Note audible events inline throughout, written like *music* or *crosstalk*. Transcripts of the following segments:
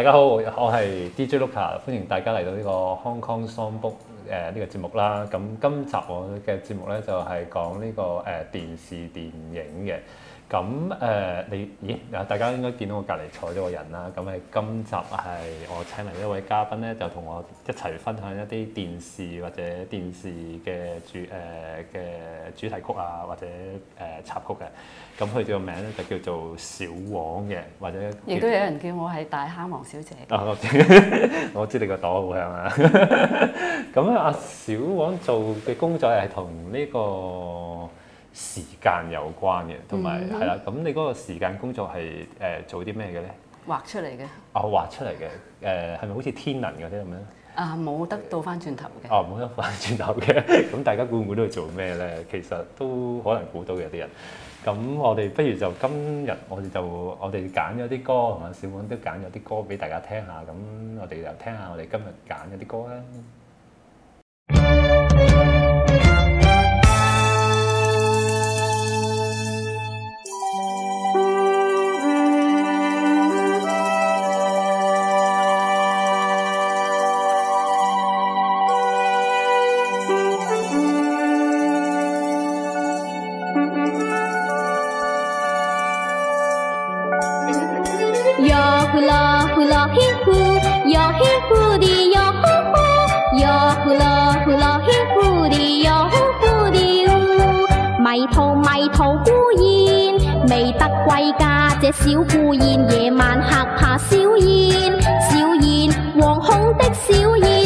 大家好，我係 DJ Luka，歡迎大家嚟到呢個 Hong Kong Songbook 誒、呃、呢、呢個節目啦。咁、呃、今集我嘅節目咧就係講呢個誒、呃、電視電影嘅。咁誒，你咦？嗱、呃，大家應該見到我隔離坐咗個人啦。咁係今集係我請嚟一位嘉賓咧，就同我一齊分享一啲電視或者電視嘅主誒嘅、呃、主題曲啊，或者誒、呃、插曲嘅。咁佢個名咧就叫做小王嘅，或者亦都有人叫我係大蝦王小姐。 *laughs* *laughs* 我知你個朵好響啊！咁咧，阿小王做嘅工作係同呢個，時間有關嘅，同埋係啦。咁、嗯、你嗰個時間工作係誒、呃、做啲咩嘅咧？畫出嚟嘅。哦，畫出嚟嘅，誒係咪好似天能嗰啲咁樣？啊，冇得到翻轉頭嘅。哦，冇得翻轉頭嘅。咁 *laughs* *laughs* 大家估唔估到佢做咩咧？其實都可能估到嘅有啲人。咁我哋不如就今日我哋就我哋揀咗啲歌，同埋小本都揀咗啲歌俾大家聽下。咁我哋就聽下我哋今日揀咗啲歌啦。小孤燕，夜晚吓怕小燕，小燕惶恐的小燕。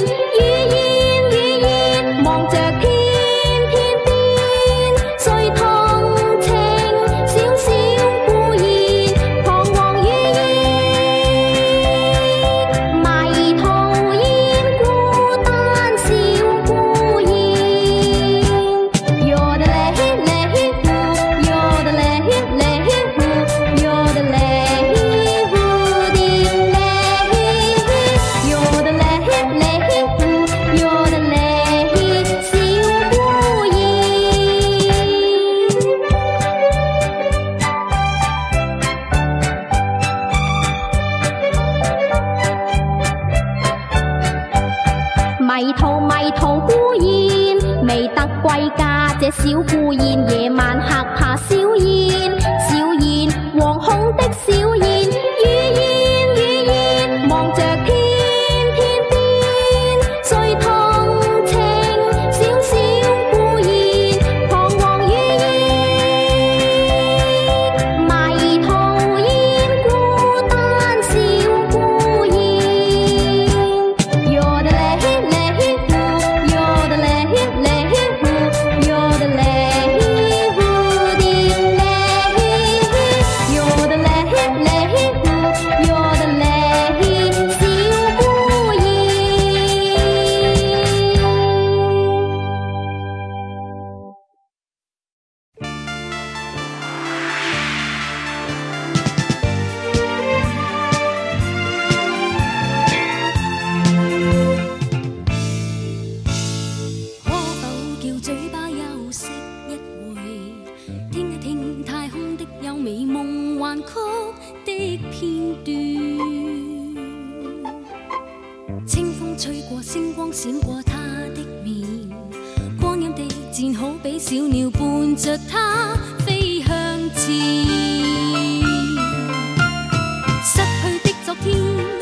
追過星光閃過他的面，光陰的箭好比小鳥伴着他飛向前。失去的昨天。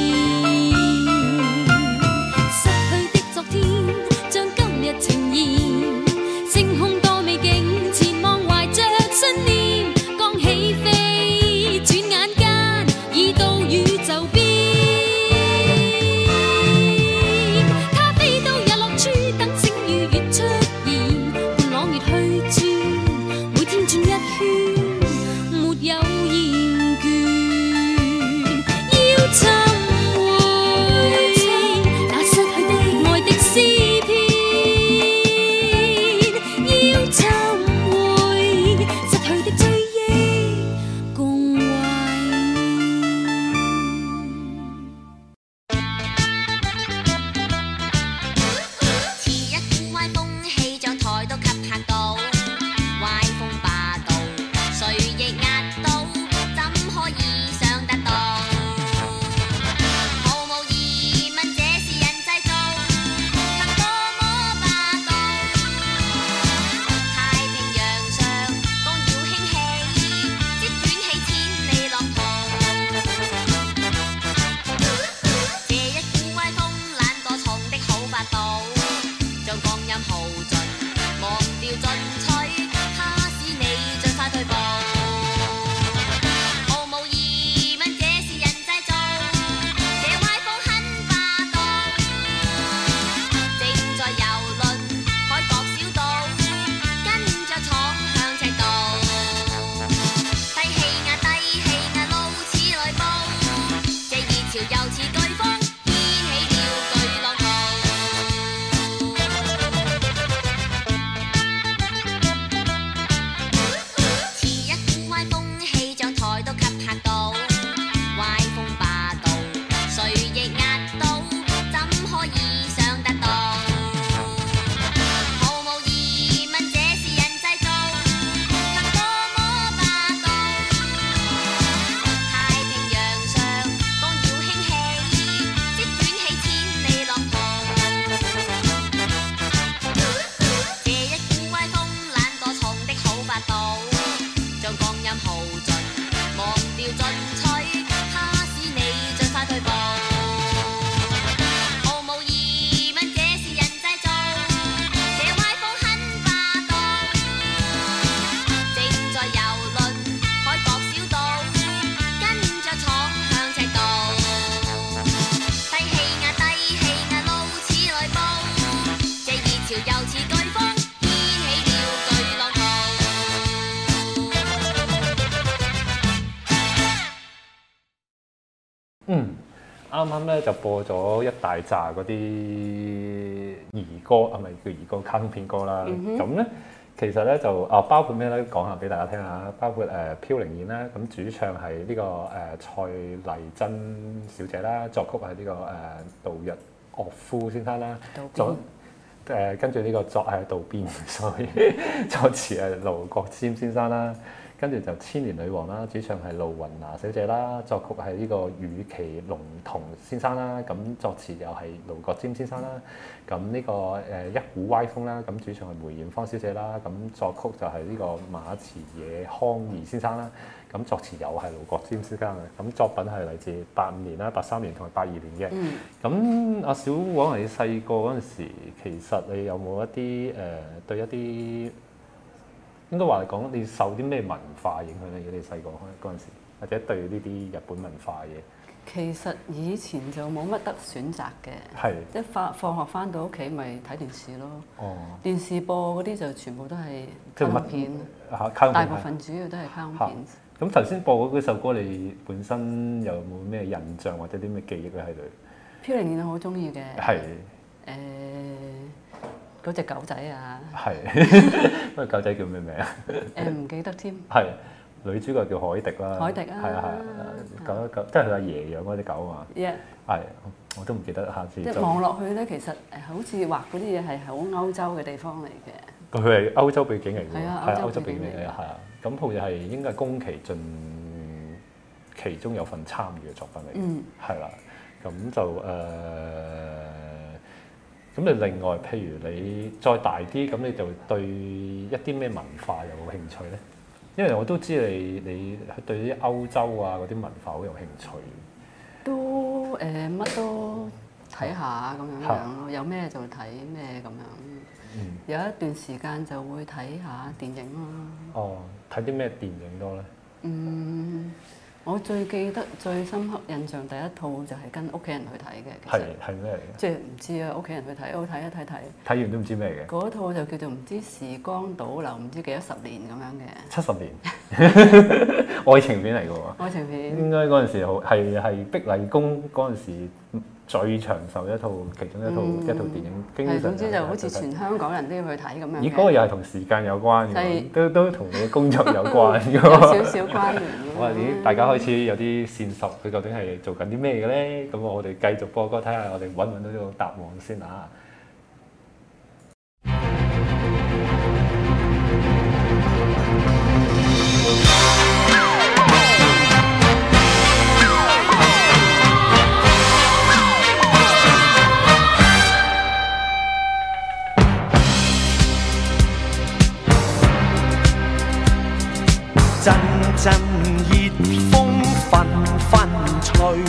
就播咗一大扎嗰啲兒歌啊，係咪叫兒歌卡通片歌啦。咁咧、嗯哼，其實咧就啊，包括咩咧，講下俾大家聽下，包括誒、呃、飄零燕啦，咁主唱係呢、這個誒、呃、蔡麗珍小姐啦，作曲係呢、這個誒、呃、杜日岳夫先生啦，邊作誒、呃、跟住呢個作係渡邊，所以 *laughs* 作詞係盧國沾先生啦。跟住就千年女皇啦，主唱係露雲娜小姐啦，作曲係呢個宇崎龍童先生啦，咁作詞又係盧國沾先生啦。咁、這、呢個誒、呃、一股歪風啦，咁主唱係梅艷芳小姐啦，咁作曲就係呢個馬飼野康二先生啦，咁作詞又係盧國沾先生嘅。咁作，作品係嚟自八五年啦、八三年同埋八二年嘅。咁阿、嗯、小王你細個嗰陣時，其實你有冇一啲誒、呃、對一啲？應該話嚟講，你受啲咩文化影響咧？如果你細個嗰陣時，或者對呢啲日本文化嘢，其實以前就冇乜得選擇嘅。即係放放學翻到屋企，咪睇電視咯。哦，電視播嗰啲就全部都係卡通片，通片大部分主要都係卡通片。咁頭先播嗰首歌，你本身有冇咩印象或者啲咩記憶咧？喺度《飄零燕》我好中意嘅。係誒、呃，嗰隻狗仔啊！係是的。 *laughs* 嗰個狗仔叫咩名？誒唔記得添。係女主角叫海迪啦。海迪啊。係啊係啊。狗狗即係佢阿爺養嗰隻狗啊嘛。yeah。係，我都唔記得，下次。即係望落去咧，其實誒好似畫嗰啲嘢係好歐洲嘅地方嚟嘅。佢係歐洲背景嚟嘅。係啊，歐洲背景嚟嘅係啊。咁好似係應該係宮崎駿其中有份參與嘅作品嚟嘅。嗯。係啦，咁就誒。咁你另外，譬如你再大啲，咁你就對一啲咩文化有冇興趣呢？因為我都知你你對啲歐洲啊嗰啲文化好有興趣。都乜、呃、都睇下咁樣、啊、樣咯，有咩就睇咩咁樣。有一段時間就會睇下電影啦、啊。哦，睇啲咩電影多呢？嗯。我最記得最深刻印象第一套就係跟屋企人去睇嘅，係係咩嚟嘅？即係唔知啊，屋企人去睇，我睇一睇睇。睇完都唔知咩嘅。嗰套就叫做唔知時光倒流唔知幾多十年咁樣嘅。七十年， *laughs* *laughs* 愛情片嚟嘅喎。愛情片應該嗰陣時好，係係碧麗宮嗰陣時。最長壽一套，其中一套、嗯、一套電影經常，係、嗯、總之就好似全香港人都要去睇咁樣。咦？嗰個又係同時間有關嘅以，都都同你工作有關嘅， *laughs* 有少少關聯我話咦， *laughs* 大家開始有啲線索，佢究竟係做緊啲咩嘅咧？咁我哋繼續播歌，睇下我哋揾揾到啲答案先啊！紛紛吹，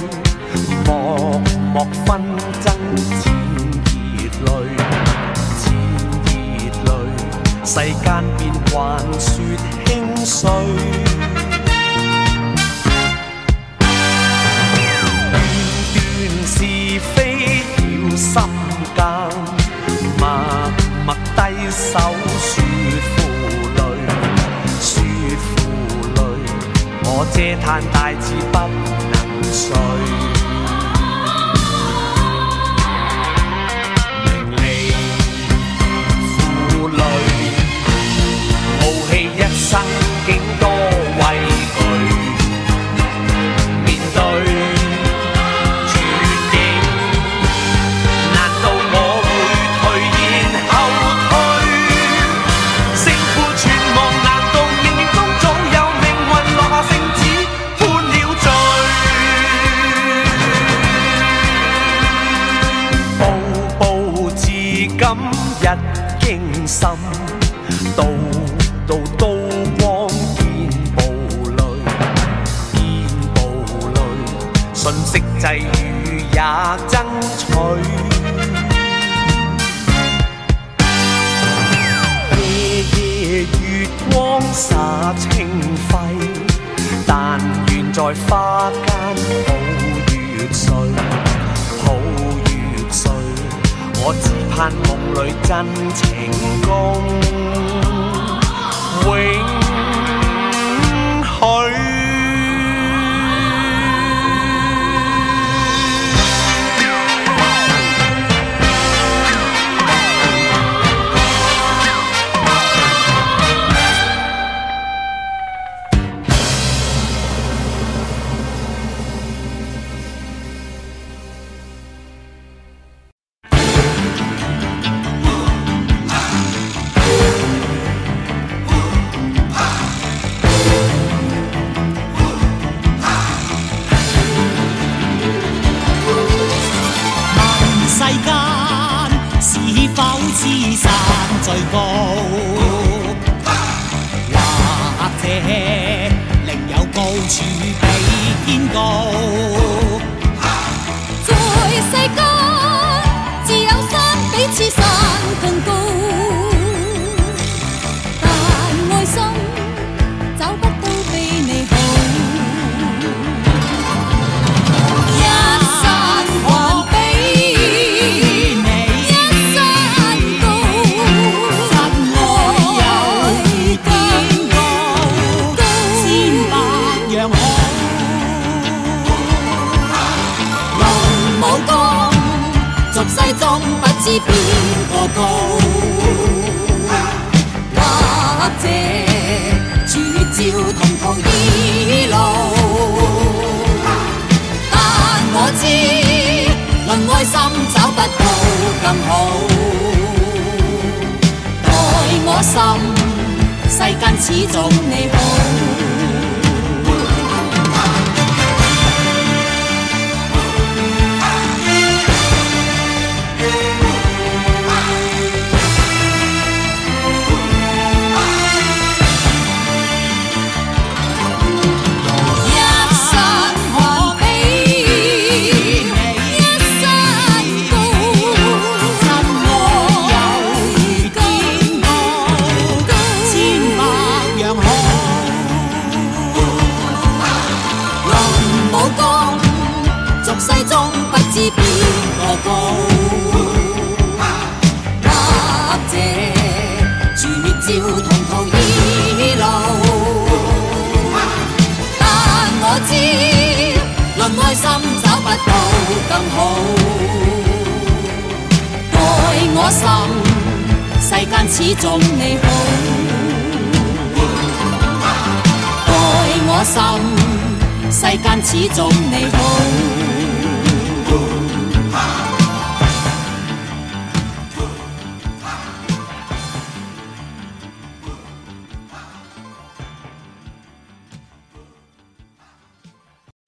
默默紛爭，漸熱淚，漸熱淚，世間變幻說輕碎。 *noise* *noise* *noise* 嘆大志不能遂。在花間抱月睡，抱月睡，我只盼夢裏真情共永。比天高。待我心，世間始終你好。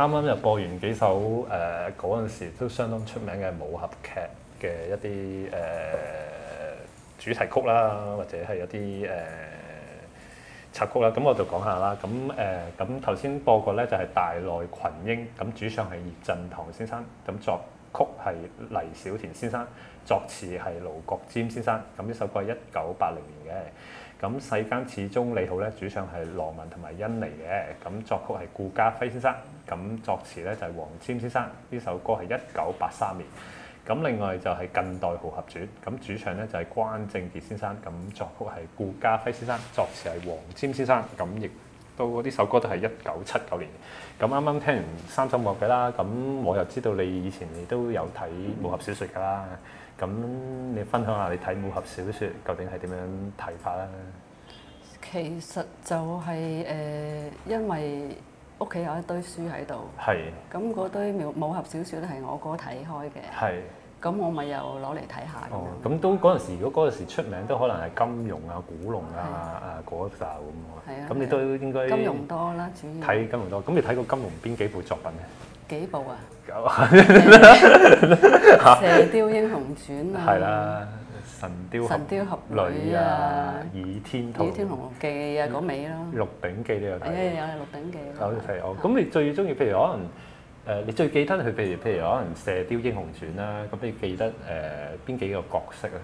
啱啱就播完幾首誒嗰陣時都相當出名嘅武俠劇嘅一啲誒、呃、主題曲啦，或者係一啲誒插曲啦。咁我就講下啦。咁誒咁頭先播過咧就係、是《大內群英》，咁主唱係葉振棠先生，咁作曲係黎小田先生，作詞係盧國沾先生。咁呢首歌係一九八零年嘅。咁世間始終你好咧，主唱係羅文同埋甄妮嘅，咁作曲係顧嘉煇先生。咁作詞咧就係黃霑先生，呢首歌係一九八三年。咁另外就係近代豪俠傳，咁主唱咧就係關正傑先生。咁作曲係顧嘉煇先生，作詞係黃霑先生。咁亦都呢首歌都係一九七九年。咁啱啱聽完三首歌嘅啦，咁我又知道你以前亦都有睇武俠小説㗎啦。咁你分享下你睇武俠小説究竟係點樣睇法啦？其實就係、是、誒、呃，因為。屋企有一堆書喺度，係咁嗰堆武俠小說都係我哥睇開嘅，係咁我咪又攞嚟睇下咁樣。咁都嗰陣時，如果嗰陣時出名都可能係金庸啊、古龍啊啊嗰一陣咁咯，咁你都應該金庸多啦，主要睇金庸多。咁你睇過金庸邊幾部作品咧？幾部啊？《射雕英雄傳》啊，係啦。神雕、神雕俠侶啊，倚天屠、倚天屠龍記啊，嗰尾咯，鹿鼎記都有睇，有、有鹿鼎記有睇哦。咁你最中意，譬如可能誒，你最記得佢，譬如、譬如可能射雕英雄傳啦，咁你記得誒邊幾個角色啊？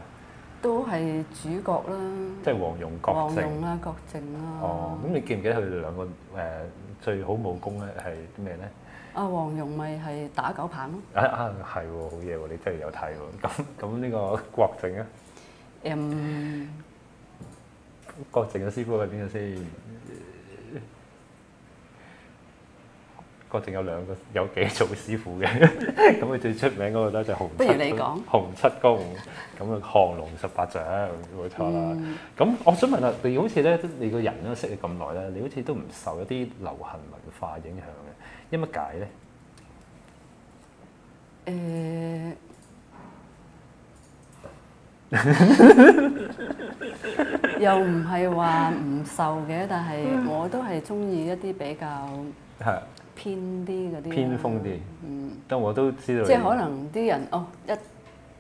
都係主角啦，即係黃蓉、郭靖啊，郭靖啊。哦，咁你記唔記得佢哋兩個誒最好武功咧係啲咩咧？阿黃蓉咪係打狗棒咯、啊啊？啊啊，係喎，好嘢喎！你真係有睇喎。咁咁呢個郭靖咧？嗯，郭靖嘅師傅係邊個先？郭靖有兩個，有幾組師傅嘅。咁 *laughs* 佢 *laughs* 最出名嗰個咧就洪不如你講。洪七公咁嘅降龍十八掌，冇錯啦。咁、嗯、我想問下，你好似咧，你個人咧識你咁耐咧，你好似都唔受一啲流行文化影響嘅。因乜解呢？誒，又唔係話唔瘦嘅，但係我都係中意一啲比較偏啲嗰啲。偏風啲，嗯，但我都知道。即係可能啲人哦，一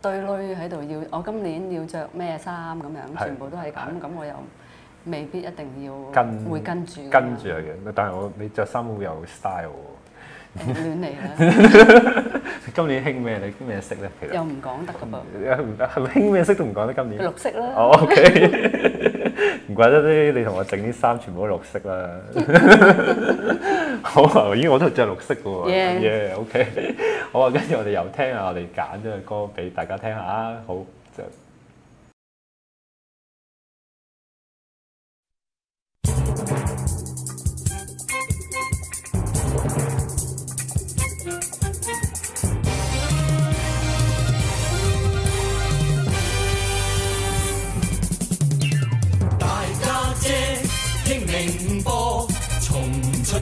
堆女喺度要，我今年要著咩衫咁樣，全部都係咁，咁我又未必一定要跟會跟住跟住佢嘅，但係我你著衫會有 style。亂嚟啦！ *laughs* 今年興咩你啲咩色咧？其實又唔講得噶噃，係咪興咩色都唔講得？今年綠色啦！哦，OK，唔 *laughs* *laughs* 怪得啲你同我整啲衫全部都綠色啦！ *laughs* 好啊，依我都着綠色噶喎 Yeah，OK，好啊，跟住我哋又聽下我哋揀咗個歌俾大家聽下啊！好，就。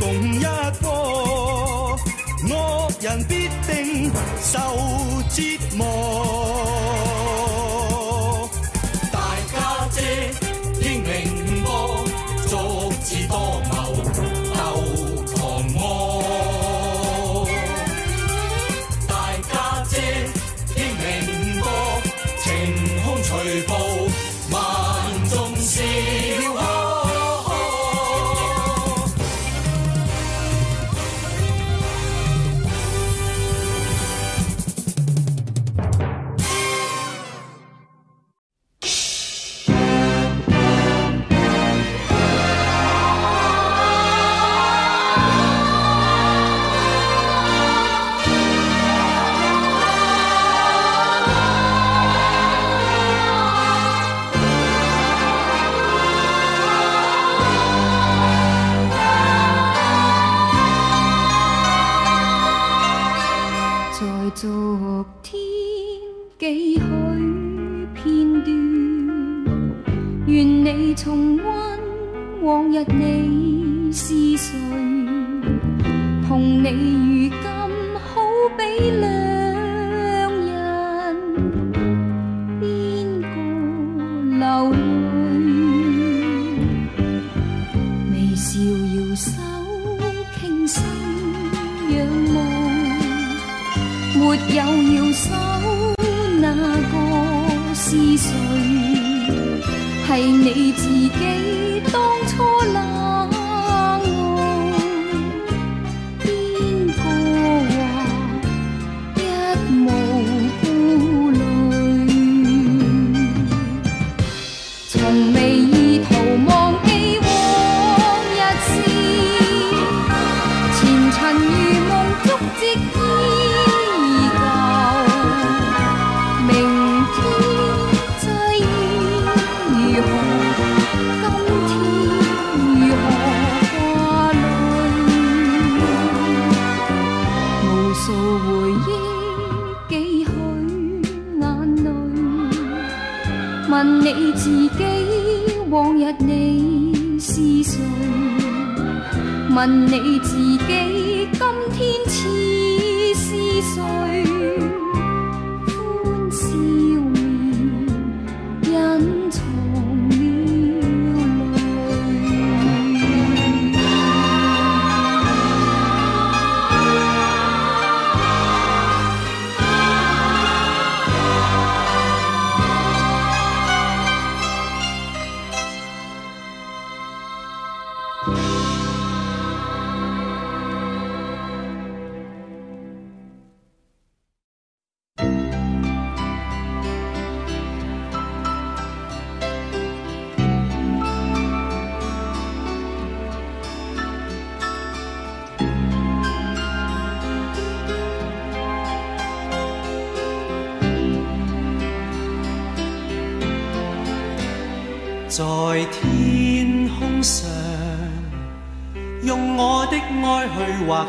共一個惡人，必定受折磨。係你自己當初。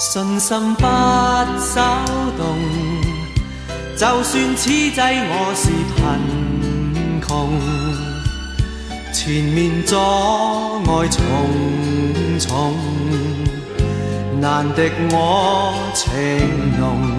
信心不稍動，就算此際我是貧窮，前面阻礙重重，難敵我情濃。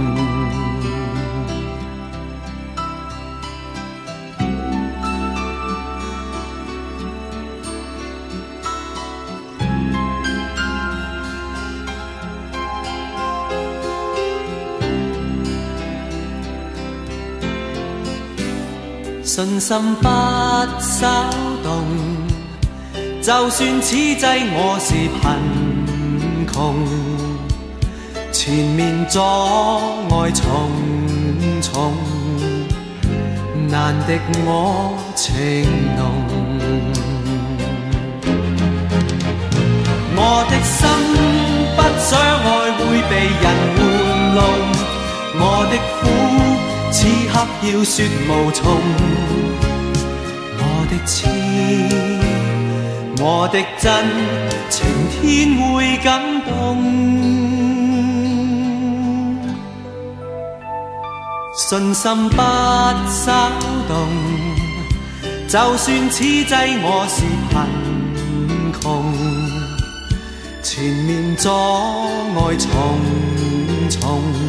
信心不稍動，就算此際我是貧窮，前面阻礙重重，難敵我情濃。 *noise* 我的心不想愛會被人玩弄，我的苦。此刻要説無從，我的痴，我的真情天會感動。信心不稍動，就算此際我是貧窮，前面阻礙重重。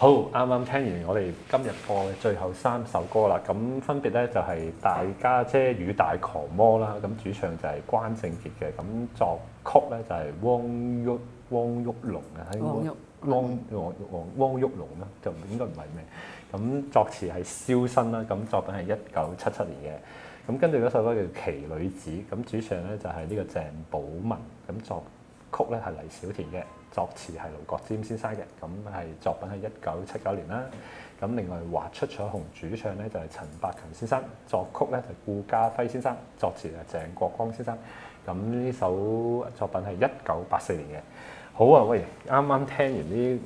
好，啱啱聽完我哋今日播嘅最後三首歌啦，咁分別咧就係《大家姐與大狂魔》啦，咁主唱就係關正傑嘅，咁作曲咧就係汪旭汪毓龍啊，喺汪玉汪汪汪汪毓龍啊，就應該唔係咩，咁作詞係蕭苼啦，咁作品係一九七七年嘅，咁跟住嗰首歌叫《奇女子》，咁主唱咧就係呢個鄭寶雯。咁作曲咧係黎小田嘅。作詞係盧國沾先生嘅，咁係作品喺一九七九年啦。咁另外，畫出彩虹主唱咧就係陳百強先生，作曲咧就顧嘉煇先生，作詞係鄭國江先生。咁呢首作品係一九八四年嘅。好啊，喂，啱啱聽完呢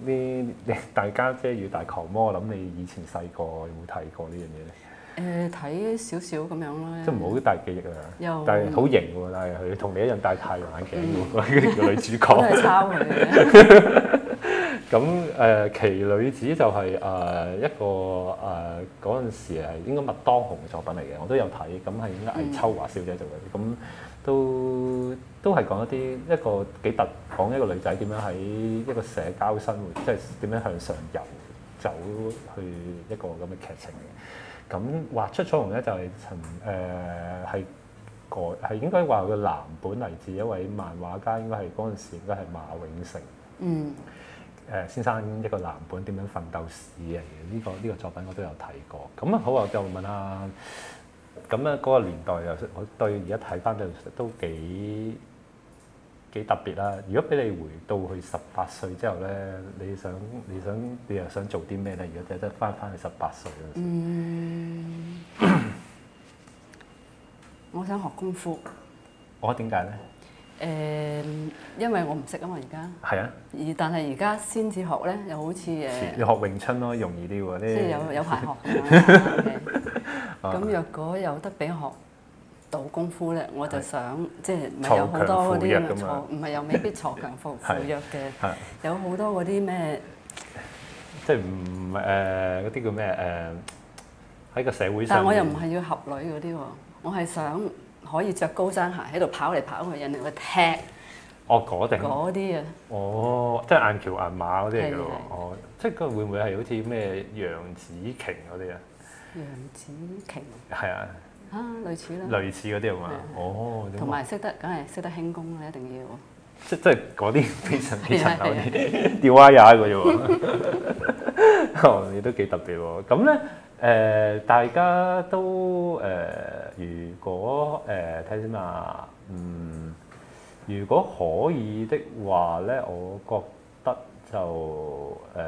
呢，大家姐與大狂魔，我諗你以前細個有冇睇過呢樣嘢咧？誒，睇少少咁樣咯，即係唔好大記憶啊有！但係好型喎，但係佢同你一樣戴太陽眼鏡喎，嗯、 *laughs* 個女主角 *laughs* 抄咁誒、 *laughs* *laughs* 呃，奇女子就係、是、誒、呃、一個誒嗰陣時係應該麥當雄嘅作品嚟嘅，我都有睇。咁係應該係秋華小姐做嘅，咁、嗯、都都係講一啲一個幾特講一個女仔點樣喺一個社交生活，即係點樣向上遊走去一個咁嘅劇情嘅。咁，畫出彩虹咧就係陳、誒係改、係應該話個藍本嚟自一位漫畫家，應該係嗰陣時應該係馬永成。嗯。誒、呃，先生一個藍本點樣奮鬥史嚟嘅？呢、呢個呢、呢個作品我都有睇過。咁啊好啊，就問下，咁咧嗰個年代又對，而家睇翻都都幾。幾特別啦！如果俾你回到去十八歲之後咧，你想你想你又想做啲咩咧？如果真係得返返去十八歲，嗯，我想學功夫。我點解咧？誒、嗯，因為我唔識啊嘛，而家係啊。而但係而家先至學咧，又好似誒，要學詠春咯，容易啲喎。即係有有排學。咁若、 *laughs* 嗯、果有得俾人學。做功夫咧，我就想的即係唔係有好多嗰啲唔係又未必鋤強扶扶弱嘅，的有好多嗰啲咩？即係唔誒嗰啲叫咩誒？喺個社會上，但係我又唔係要俠女嗰啲喎，我係想可以着高踭鞋喺度跑嚟跑去，人哋會踢。哦，嗰定嗰啲啊？些哦，即係硬橋硬馬嗰啲嚟嘅。哦，即係佢會唔會係好似咩楊紫瓊嗰啲啊？楊紫瓊係啊。啊，類似啦，類似嗰啲啊嘛，哦，同埋識得，梗係識得輕功啦，一定要。即即係嗰啲非常非常難啲，DIY 個啫喎。哦，你都幾特別喎。咁咧，誒，大家都誒，如果誒睇下先啊，嗯，如果可以的話咧，我覺得就誒，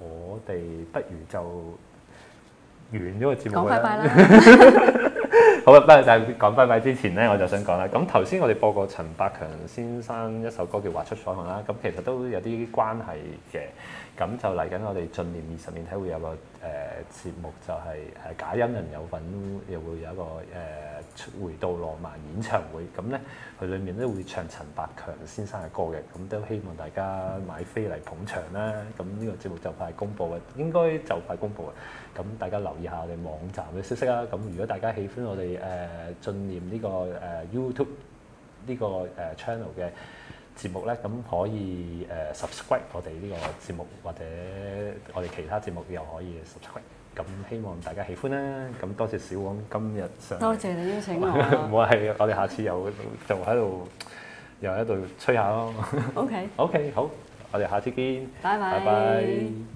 我哋不如就。完咗個節目啦， *laughs* 好啦，不過就係講拜拜之前咧，我就想講啦。咁頭先我哋播過陳百強先生一首歌叫《畫出彩虹》啦，咁其實都有啲關係嘅。咁就嚟緊，我哋進念二十年睇會有個。誒、呃、節目就係誒假音人有份，又會有一個誒、呃、回到浪漫演唱會。咁咧，佢裡面咧會唱陳百強先生嘅歌嘅。咁都希望大家買飛嚟捧場啦。咁呢個節目就快公佈啦，應該就快公佈啦。咁大家留意下我哋網站嘅消息啦。咁如果大家喜歡我哋誒、呃、進念呢、這個誒、呃、YouTube 呢、這個誒、呃、channel 嘅。節目咧，咁可以誒 subscribe、呃、我哋呢個節目，或者我哋其他節目又可以 subscribe。咁希望大家喜歡啦。咁多謝小王今日上，多謝你邀請我，唔好氣，我哋下次又就喺度又喺度吹下咯。OK，OK，Okay. *laughs* okay, 好，我哋下次見，拜拜 bye。Bye bye